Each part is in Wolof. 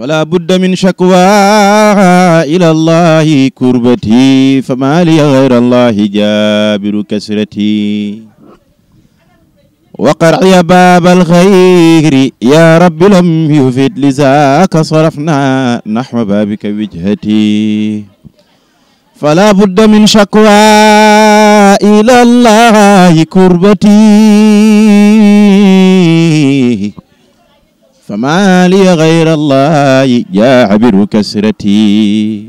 فلا بد من شكوى إلى الله كربتي فما لي غير الله جابر كسرتي وقرعي باب الخير يا رب لم يفد لذاك صرفنا نحو بابك وجهتي فلا بد من شكوى إلى الله كربتي فما لي غير الله يا عبر كسرتي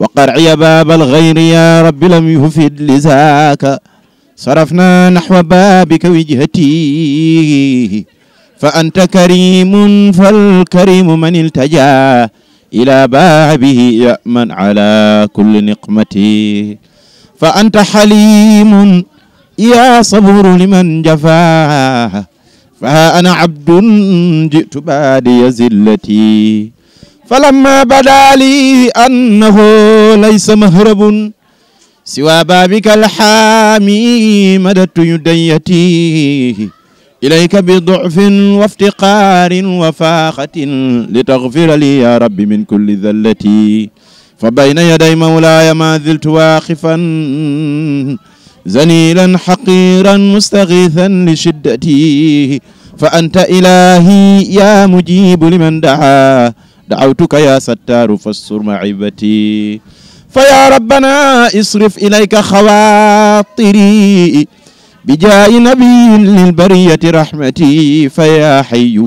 وقرعي باب الغير يا رب لم يفد لذاك صرفنا نحو بابك وجهتي فأنت كريم فالكريم من التجا إلى بابه يأمن على كل نقمتي فأنت حليم يا صبور لمن جفاه فها أنا عبد جئت بادي زلتي فلما بدا لي أنه ليس مهرب سوى بابك الحامي مددت يديتي إليك بضعف وافتقار وفاقة لتغفر لي يا ربي من كل ذلتي فبين يدي مولاي ما زلت واقفا زنيلا حقيرا مستغيثا لشدتي فأنت إلهي يا مجيب لمن دعا دعوتك يا ستار فاستر معبتي فيا ربنا اصرف إليك خواطري بجاء نبي للبرية رحمتي فيا حي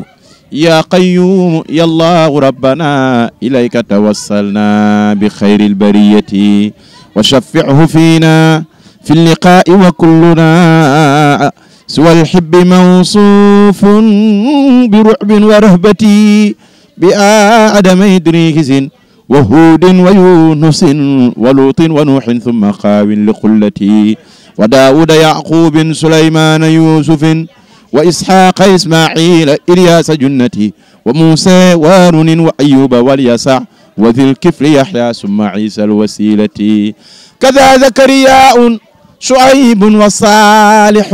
يا قيوم يا الله ربنا إليك توصلنا بخير البرية وشفعه فينا في اللقاء وكلنا سوى الحب موصوف برعب ورهبتي بآدم إدريس وهود ويونس ولوط ونوح ثم خاو لقلتي وداود يعقوب سليمان يوسف وإسحاق إسماعيل إلياس جنتي وموسى وارون وأيوب واليسع وذي الكفل يحيى ثم عيسى الوسيلة كذا زكرياء شعيب وصالح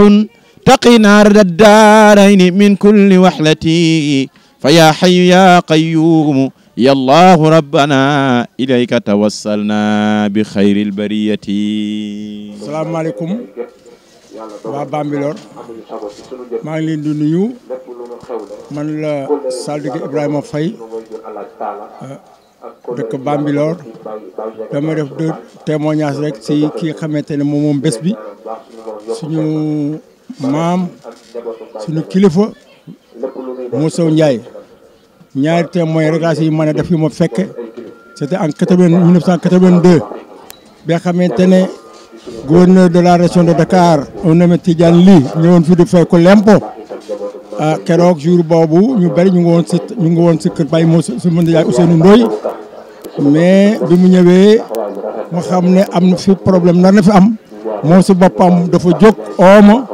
تقي نار الدارين من كل وحلتي فيا حي يا قيوم يا الله ربنا إليك توسلنا بخير البرية السلام عليكم waa Bambilor ما لين leen di nuyu man la Saldiga Ibrahima dëkk Bambilor dama def deux témoignages rek si ki nga xamante ne moom moom bés bi suñu maam suñu kilifa Moussa Ndiaye ñaari témoin rek laa si mën a def yu ma fekke c'était en 1982 bi nga xamante ne gouverneur de la région de Dakar on nommé Tidiane Ly ñëwoon fi di fay lempo ah, keroog jour boobu ñu bari ñu ngi woon si ñu ngi woon si kër Baye Moussa su mais bi mu ñëwee mu xam ne am na fi problème nar na fi am moom si boppam dafa jóg ooma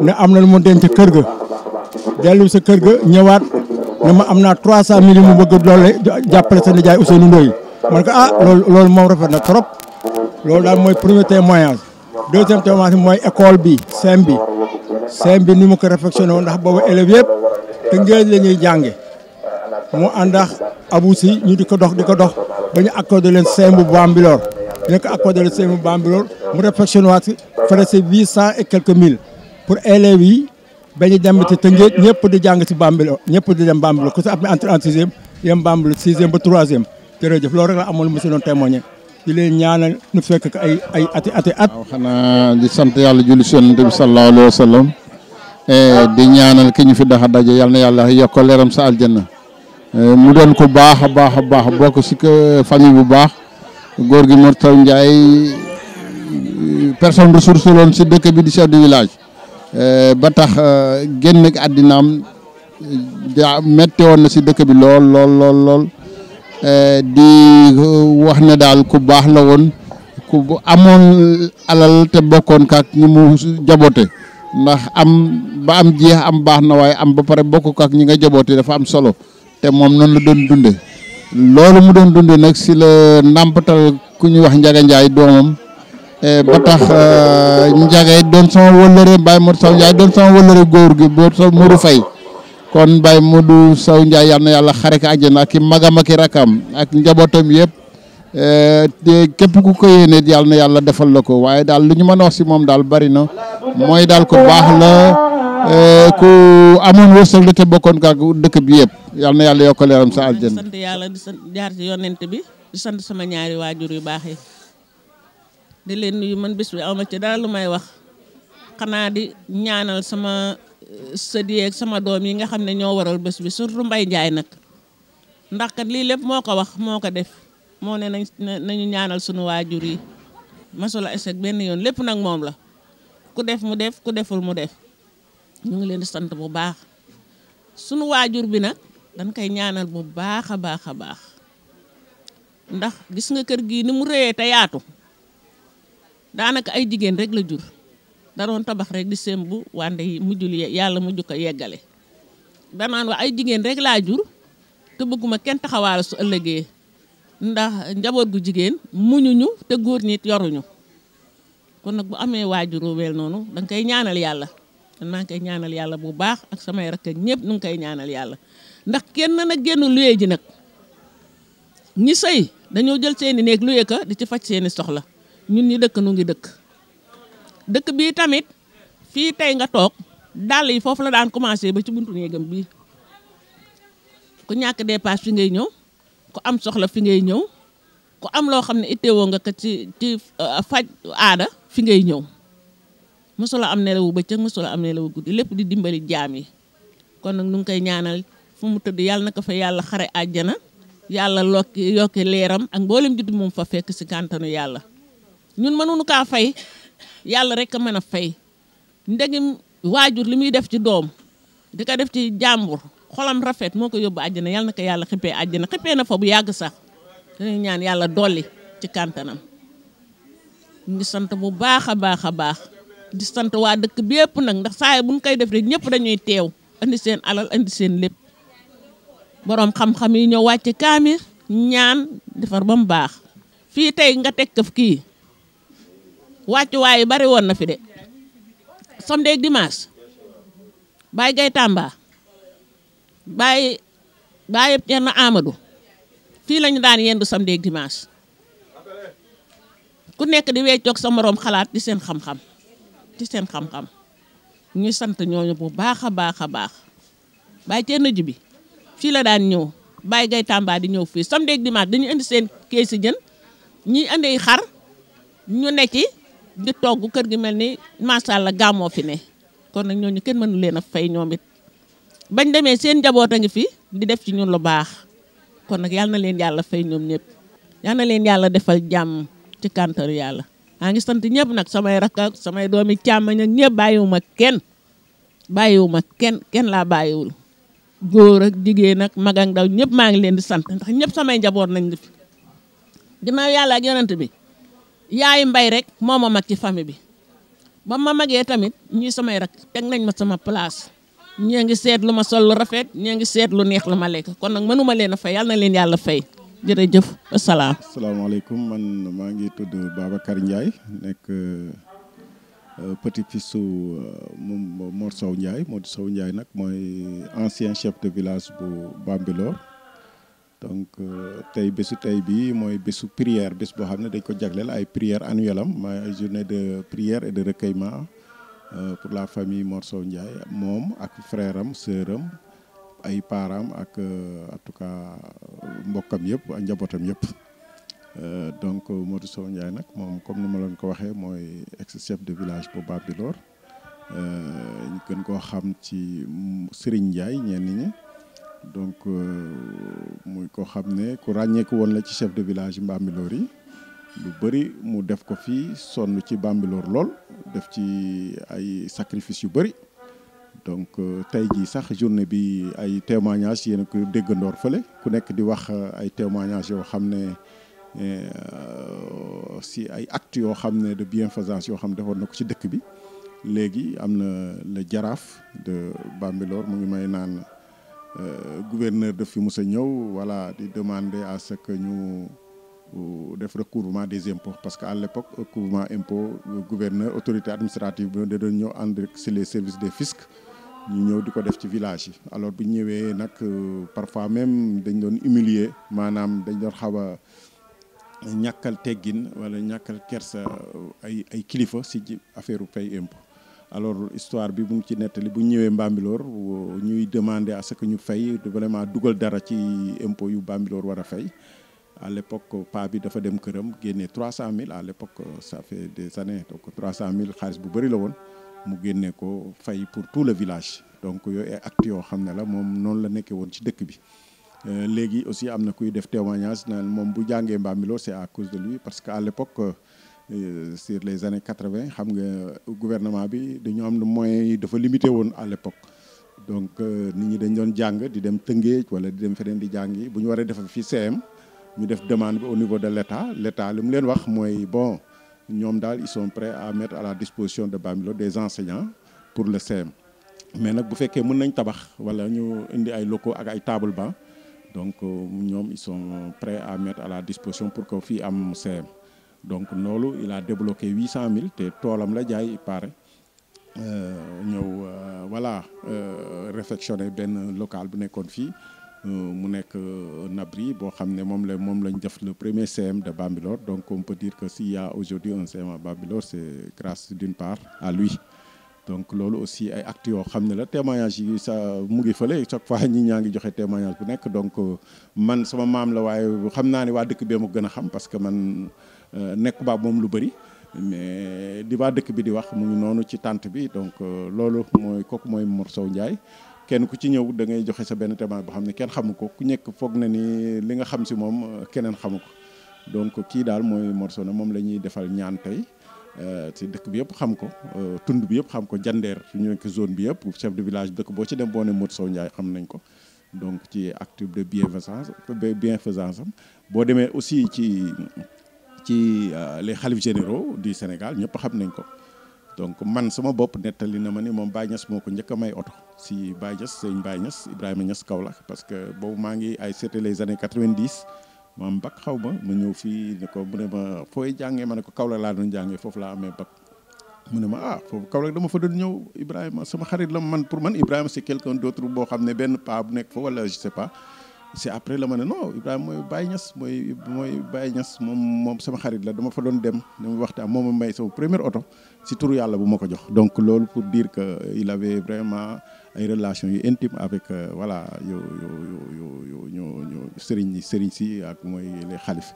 ne am na lu mu denc kër ga dellu sa kër ga ñëwaat ne ma am naa trois 300 mille mu bëgg doole jàppale sa nijaay Ousseynou Ndoye man ko ah na trop loolu daal mooy premier témoignage deuxième témoignage mooy école bi sem bi sem bi ni mu ko réfectionné woon ndax boobu élèves yëpp te ngeen la ñuy jànge mu àndax abu si ñu di ko dox di ko dox ba ñu accordé leen CEM bu Bambilor bi ñu ko accordé leen CEM bu Bambilor mu si huit cent et quelques mille pour élèves yi ba ñu dem ci Tëngéej ñëpp di jàng si Bambilor ñëpp di dem Bambilor ku si am entrée en sixième yem ba troisième jërëjëf loolu rek la amoon monsieur doon di leen ñaanal ñu fekk ko ay ay ati ati at. waaw xanaa di sant yàlla julli si yonent bi sallallahu alayhi eh, di ñaanal ki fi daxa daje yal na yàlla yokk leeram sa aljanna Euh, mu doon ko baax a baax a baax bokk si famille bu baax góor gi Mor Taw Ndiaye euh, personne ressource loon si dëkk bi di chef du village euh, ba tax génn ak àddinaam da metti woon na si dëkk bi lool lool lool lool di wax ne daal ku baax la woon ku amoon alal te bokkoon kaak ñi mu jaboote ndax am ba am jeex am baax na waaye am ba pare bokk kaak ñi nga jaboote dafa am solo te moom noonu la doon dunde loolu mu doon dunde nag si la ndàmpatal ku ñuy wax Njaga Njaay doomam eh, ba tax Njaga eh, doon sama wëllëre Baye Modou Sow Ndiaye doon sama wëllëre góor gi boo sa Modou Faye kon mbay Modou Sow Ndiaye yal na yàlla xare ko àjjana ak i magam ak njabootam yëpp eh, képp ku ko yéene yal na yàlla defal la ko waaye daal lu ñu mën a si moom daal bari mooy daal ko baax la Euh, ku amoon wërsëg la te bokkoon kaag dëkk bi yëpp yal na yàlla yokk leeram sa aljanna yàlla di sant jaar ci yonent bi di sant sama ñaari waajur yu baax di leen nuyu man bis bi aw ma ci dara lu may wax xanaa di ñaanal sama euh, sët sama doom yi nga xam ne ñoo waral bés bi surtout Mbaye Ndiaye nag ndax kat lii lépp moo ko wax moo ko def moo ne nañ nañu ñaanal suñu waajur yi masula échec benn yoon lépp nag moom la ku def mu def ku deful mu def ñu ngi leen di sant bu baax sunu waajur bi nag dañ koy ñaanal bu baax a baax a baax ndax gis nga kër gii ni mu rëyee te yaatu daanaka ay jigéen rek la jur daroon tabax di seen bu wande yi mujjul yàlla mujj ko yeggale danaan wax ay jigéen rek laa jur te bëgguma kenn taxawaal su ëllëgee ndax njaboot gu jigéen muñuñu te góor ñit yoruñu kon nag bu amee waajuru wel noonu danga koy ñaanal yàlla maa ngi koy ñaanal yàlla bu baax ak samay rakk ñëpp nu ngi koy ñaanal yàlla ndax kenn nag génnu luye ji nag ñi sëy dañoo jël seeni néeg luye ka di ci faj seeni soxla ñun ñi dëkk nu ngi dëkk dëkk bii tamit fii tey nga toog dàll yi foofu la daan commencé ba ci buntu néegam bii ku ñàkk dépasse fi ngay ñëw ku am soxla fi ngay ñëw ku am loo xam ne itteewoo nga ko ci ci euh, faj aada fi ngay ñëw mosula am nelawu bëccëg mosula am nelawu guddi lépp di dimbali jaam yi kon nag nu ngi koy ñaanal fu mu tëdd yàlla na ko fa yàlla xare àjjana yàlla lokki yokki leeram ak mboolem judd moom fa fekk si kàntanu yàlla ñun mënuñu kaa fay yàlla rek a mën a fay ndegem waajur li muy def ci doom di ko def ci jàmbur xolam rafet moo ko yóbbu àjjana yàlla na ko yàlla xippee àjjana xippee na fa bu yàgg sax dañuy ñaan yàlla dolli ci kàntanam ñu ngi sant bu baax a baax di sant waa dëkk bi yëpp nag ndax saa bu ñu koy def rek ñëpp dañuy teew andi seen alal andi seen lépp borom xam-xam yi ñoo wàcc kaami ñaan defar ba mu baax fii tey nga teg këf kii wàccuwaay yi bari woon na fi de samedi ak dimanche bàyyi gay tàmba bàyyi bàyyi Thierno Amadou fii lañu daan yendu samedi ak dimanche ku nekk di weccoog sa moroom xalaat di seen xam-xam ci seen xam-xam ñu sant ñooñu bu baax a baax a baax bàyyi teen ji bi fii la daan ñëw baay gay tàmba di ñëw fii samedi ak dimanche dañuy indi seen kees si jën ñuy indi xar ñu ne ci di togg kër gi mel ni macha allah gàmmoo fi ne kon nag ñooñu kenn mënu leen a fay ñoom it bañ demee seen njaboot a ngi fi di def ci ñun lu baax kon nag yal na leen yàlla fay ñoom ñëpp yal leen yàlla defal jàmm ci kantaru yàlla maa ngi sant ñëpp nag samay rakk ak samay doomi càmmañ ak ñëpp bàyyiwuma kenn bàyyiwuma kenn kenn laa bàyyiwul góor ak jigéen ak mag ak ñëpp maa ngi leen di sant ndax ñëpp samay njaboot nañ def ginnaaw yàlla ak yonent bi yaay mbay rek moo ma mag ci famille bi ba ma magee tamit ñii samay rak teg nañ ma sama place ñii ngi seet lu ma sol lu rafet ñii ngi seet lu neex lu ma lekk kon nag mënuma leen a fay yàlla na leen yàlla fay jerejeuf assalam assalamu alaykum man ma ngi tudd Babacar ndjay nek euh, petit fils su euh, Mor Sow Ndiaye Modou Sow Ndiaye nag mooy ancien chef de village bu Bambilor donc euh, tay besu tay bi moy besu prière bes bo xamne dañ ko jagleel ay prière annuelam am ay journée de prière et de recueillement pour la famille Mor ndjay mom ak frère sœuram ay param ak en tout cas mbokam yépp njabotam yépp euh donc modou so ñay nak mom comme nima lañ ko waxé moy ex chef de village bu babilor euh ñu gën ko xam ci serigne ñay ñen ñi donc eh, muy ko xamné ku ragné ko won la ci chef de village mbambilor yi lu bari mu def ko fi sonu ci bambilor lol def ci ay sacrifice yu bari donc euh, tayji sax journée bi ay témoignages yéen ko ko ndor feulé ku nek di wax euh, ay témoignages yo xamné ne euh, si ay actes yo xamné de bienfaisance yo xam defon nako ci dëkk bi légui amna le jaraaf de Bambilor mu ngi may naan gouverneur de fi musa ñëw voilà di demander à ce que ñu def recouvrement des impôts parce que à l'époque impôts, le gouverneur autorité administrative bi da doon ci les services des fiscs ñu ñëw diko def ci village yi alors bu ñëwé nak euh, parfois même dañ doon humilier manam dañ doon xawa a ñàkkal wala ñàkkal kersa euh, ay ay kilifa ci affaireu pay impo alors histoire bi mu ci netali bu ñëwé Bambilor euh, ñuy demander à ce que ñu fay vraiment duggal dara ci impo yu Bambilor wara fay à l'époque pa bi dafa dem kërëm génnee 300000 à l'époque ça fait des années donc 300000 xaalis bu bari la won mu génne ko fay pour tout le village donc yo ay acte yo xam la mom non la nekkee woon ci dëkk bi euh, léegi aussi amna kuy def témoignage naan mom bu jàngee mbamilo c'est à cause de lui parce que à l'époque euh, sur les années 80 xam nga gouvernement bi dañu am moyens dafa limité à l'époque donc euh, nit ñi dañ doon jang di dem Tëngéej wala di dem feneen di jàngi bu ñu waree defal CM ñu def demande bi au niveau de l'État l'État li mu leen wax moy bon ils sont prêts à mettre à la disposition de BAMILO des enseignants pour le CM mais nous bu fekkee mën nañ tabax wala ñu indi locaux ak ay tables. donc euh, ils sont prêts à mettre à la disposition pour que fii am CM donc Nolou il a débloqué 800000 te toolam la jaay il paraît euh, ñëw euh, voilà réfectionner benn local bu nekkoon euh, mu nek euh, un abri boo xam ne moom la moom lañ def le premier CM de Bambilor donc on peut dire que s'il y a aujourd'hui un CM à Bambilor c'est grâce d'une part à lui donc lolu aussi ay actes yoo xam la témoignage yi sa mu ngi fële chaque fois ñi ñangi ngi joxe témoignage bu nek donc euh, man sama mam la waye xam naa ne dëkk bi mu gëna xam parce que man nek ba mom lu bëri mais di ba dëkk bi di wax mu ngi nonu ci tante bi donc lolu moy kooku moy morceau Sow kenn ku ci ñëw da ngay joxe sa benn témoin boo xam ne kenn xamu ko ku nekk foog na ni li nga xam si moom euh, keneen xamu ko donc kii daal mooy Mor Sokhna moom la ñuy defal ñaan tey ci euh, dëkk bi yëpp xam ko euh, tund bi yëpp xam ko jandeer ñu nekk zone bi yëpp chef de village dëkk boo ci dem boo ne Modou Sow Ndiaye xam nañ ko donc ci acte de bienfaisance bien am boo demee aussi ci ci les xalif généraux du Sénégal ñëpp xam nañ ko donc man sama bop netali na ma mom moom moko ñëk may auto si Baye Niass sëñ Ibrahima Niass Kaolack parce que bo ma ngi ay cété les années 90 ma bak bac ma ñëw fi ne ko mune ma foy jangé ma ko Kaolack la doon jangé fofu la amé bak mune ma ah fofu kaula dama fa doon ñëw Ibrahima sama xarit la man pour man Ibrahima c'est quelqu'un d'autre bo xamné ben pa bu nek fo wala je sais pas C'est après le ma non Ibrahim je dem donc pour dire que il avait vraiment une relation intime avec euh, voilà yo yo yo yo yo Serigne si les Khalif,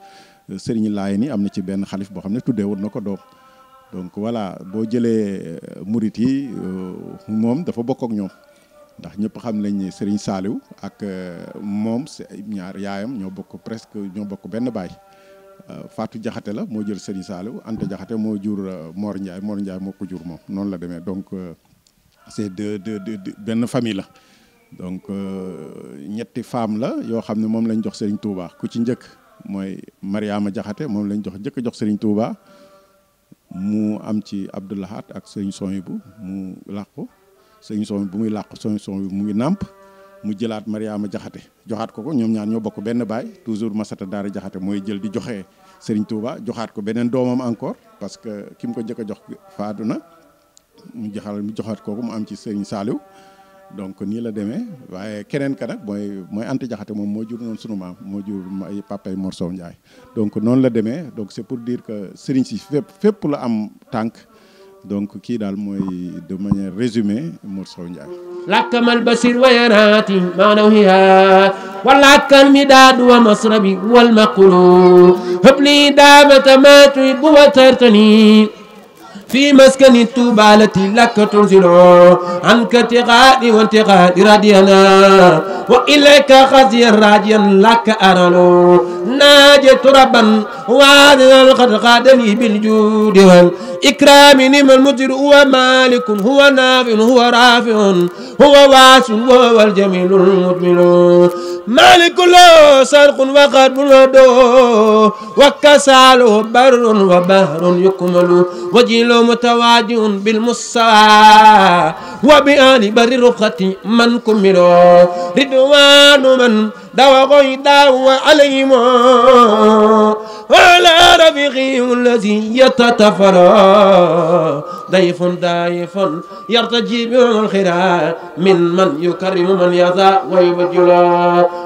ci donc voilà euh, euh, dafa ndax ñëpp xam nañ salu, Serigne Saliou ak euh, moom ñaar yaayam ñoo bokk presque ñoo bokk benn baay euh, Fatou Diakhaté la moo jël Serigne Saliou Anta Diakhaté moo jur euh, Mor Ndiaye Mor Ndiaye moo ko jur moom noonu la demee donc c'est de de de benn famille la donc ñetti femme la yoo xam ne moom lañ jox Serigne Touba ku ci njëkk mooy Mariama Diakhaté moom lañ jox njëkk jox Serigne Touba mu am ci Abdoulahat ak Serigne Sonibou mu làqu sëñ son bu muy làq sëñ son mu ngi nàmp mu jëlaat Mariama Jaxate joxaat ko ko ñoom ñaar ñoo bokk benn baay toujours Masata Daara Jaxate mooy jël di joxe Serigne Touba joxaat ko beneen doomam encore parce que ki ko njëkk jox faatu na mu joxal mu joxaat kooku mu am ci Serigne Saliou donc nii la demee waaye keneen ka nag mooy mooy Jaxate moom moo jur noonu sunu maam moo jur ay papay Mor Sow Ndiaye donc noonu la deme donc c'est pour dire que Serigne si fépp fépp la am tànk donc kii daal mooy de manière résumée Mor Sow Ndiaye lakkamal basir wayanaati maanawiha walakkal midaad wa masrabi wal maqulu dame tamatri, daamata tertani. wa tartani في مسكن التوبة التي لك تنزل عنك تغادي وانتغادي رادينا وإليك خزي راجيا لك أرنو ناجت ربا وعادنا لقد غادني بالجود والإكرام نم المجر هو مالك هو نافع هو رافع huwa waasun wa huwal jamiilul mutminu maaliku lahu sarqun wa qadbun wa doo wa kasaaluhu barrun wa bahrun yukmalu wajilu mutawaajiun bil musaa wa bi aali bari ruqati man kumilo ridwaanu man دعوة غي دعوة عليهم وعلى رفيقهم الذي يتتفرى ضيف ضيف يرتجي بهم الخيرات من من يكرم من يزا ويبجل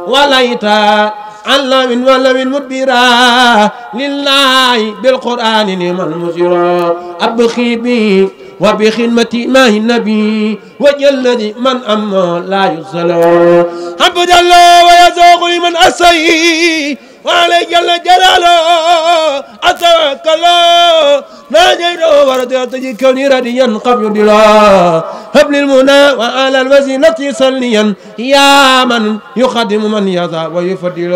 وليت علم من ولم مدبرا لله بالقرآن لمن مزرا أبخي به وبخدمة ماه النبي وجه الذي من أما لا يصلى حمد الله ويزوغ من أسيه وعلي جل جلاله أتوكل ناجيته ورد كوني رديا قبل دلا هب للمنى وآل الوزينة صليا يا من يخدم من يضع ويفضل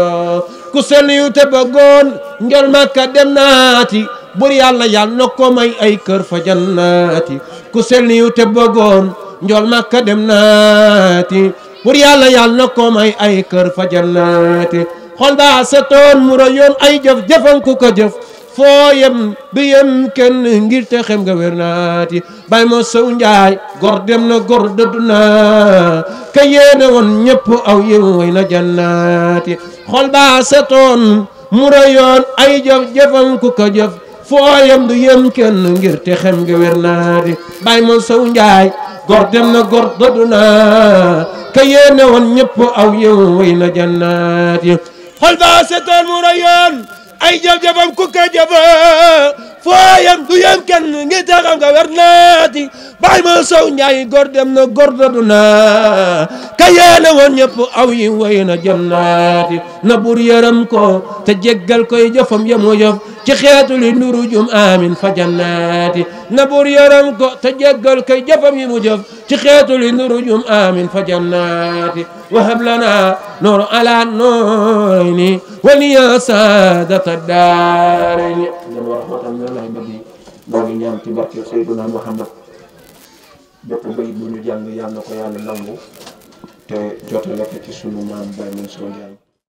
كسل يتبقون جل مكة دمناتي bur yàlla yàlla na ko may ay kër fa jannaati ku selliyu te bëggoon njool makka dem naati bur yàlla yàlla na ko may ay kër fa jannaati xol baa sa toon mu ay jëf jëfan ko jëf foo yem bi yem kenn ngir te xem nga wér naati bay moo saw njaay gor dem na gor dëddu na ka woon ñëpp aw yiw way jannaati xol baa sa toon mu ay jëf jëfan ko jëf foo yem du yem kenn ngir te xem ma sow njaay gor dem na gor dodu naa ka yéene ñëpp aw yow way na jannaat yi xol ba setoon mu rayoon ay jab-jabam ku ka فايم دو يمكن نجيت أغام غبرناتي باي مصو نياي غردم نغردنا كيانا ونيب أوي وينا جمناتي نبور يرمكو تجيقل كوي جفم يمو جف تخيات لنور جم آمن فجناتي نبور يرمكو تجيقل كوي جفم يمو جف تخيات لنور جم آمن فجناتي وهب لنا نور على النور وليا سادة الدارين idan wa rahmatan min Allahi mbokk yi moo ngi ñaan ci barke Seydina Muhammad bépp bayit bu ñu jàng yàlla na ko yàlla nangu te jotale ko ci sunu maam Baye Mansour Ndiaye